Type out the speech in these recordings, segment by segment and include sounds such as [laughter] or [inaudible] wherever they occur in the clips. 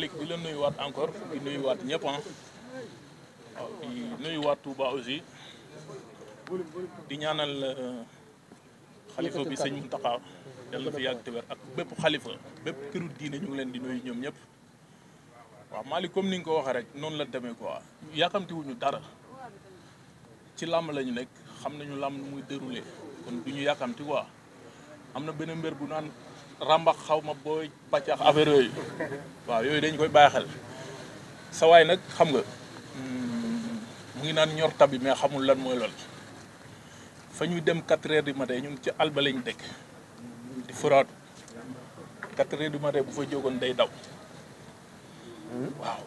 Malick di la nuyuwaat encore di nuyuwaat ñëpp ah waaw di nuyuwaat Touba aussi di ñaanal euh, xalifa bi sëñ Mountakha yàlla na fi yàgg ak bépp xalifa bépp këru diine ñu ngi leen di nuyu ñoom ñëpp waaw comme ni nga ko waxee rek noonu la demee ko yàkkamti wuñu dara ci làmb lañu nekk xam nañu làmb nu muy déroulé kon du ñu yàkkamti quoi am na benn mbir bu naan ràmbax xaw ma booy bàccax affaire yooyu yooyu dañ koy bàyyi xel sa waay nag xam nga mm, mu ngi naan ñor tabi mais xamul lan mooy lool fa ñuy dem quatre heures du matin ñun ci alba lañu dëkk di furaatu quatre heures du matin bu fa jógoon day daw waaw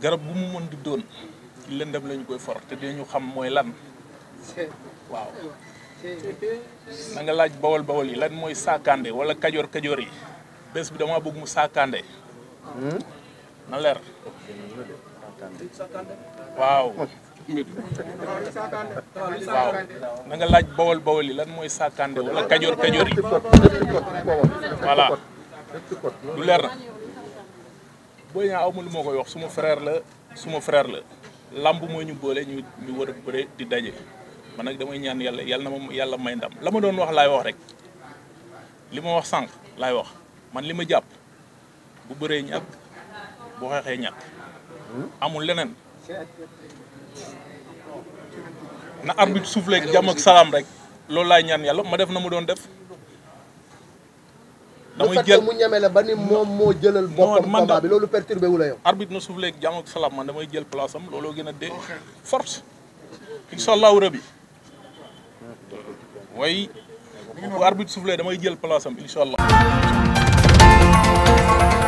garab bu mu mën di doon ci lëndam lañ koy for te dinañu xam mooy lan waaw [laughs] nanga laaj bawol bawol yi lan mooy saakaande wala kajoor kajoor yi bés bi dama bëgg mu saakande hmm? na leer waaw waaw na nga laaj bawol bawol yi lan mooy saakande wala kajoor kajoor yi voilà du leer na ñaa amul moo koy wax suma frère la suma frère la lamb moo ñu boole ñu ñu war a di daje man nag damay ñaan yàlla yàlla na ma yàlla may ndam la doon wax wax rek li wax wax man lima japp bu beure ñak bu xexé ñak amul lenen na arbitre soufflé ak jàmm ak salam rek lool lay ñaan yalla ma def na mu doon def damay jël mu ñamé la bani mom mo jëlal boppam combat bi loolu perturbé wu la yow arbitre na soufflé ak jàmm ak salam man damay jël place am looloo gëna dé force inshallah rabbi way bu arbitre soufflé damay jël place am inshallah thank you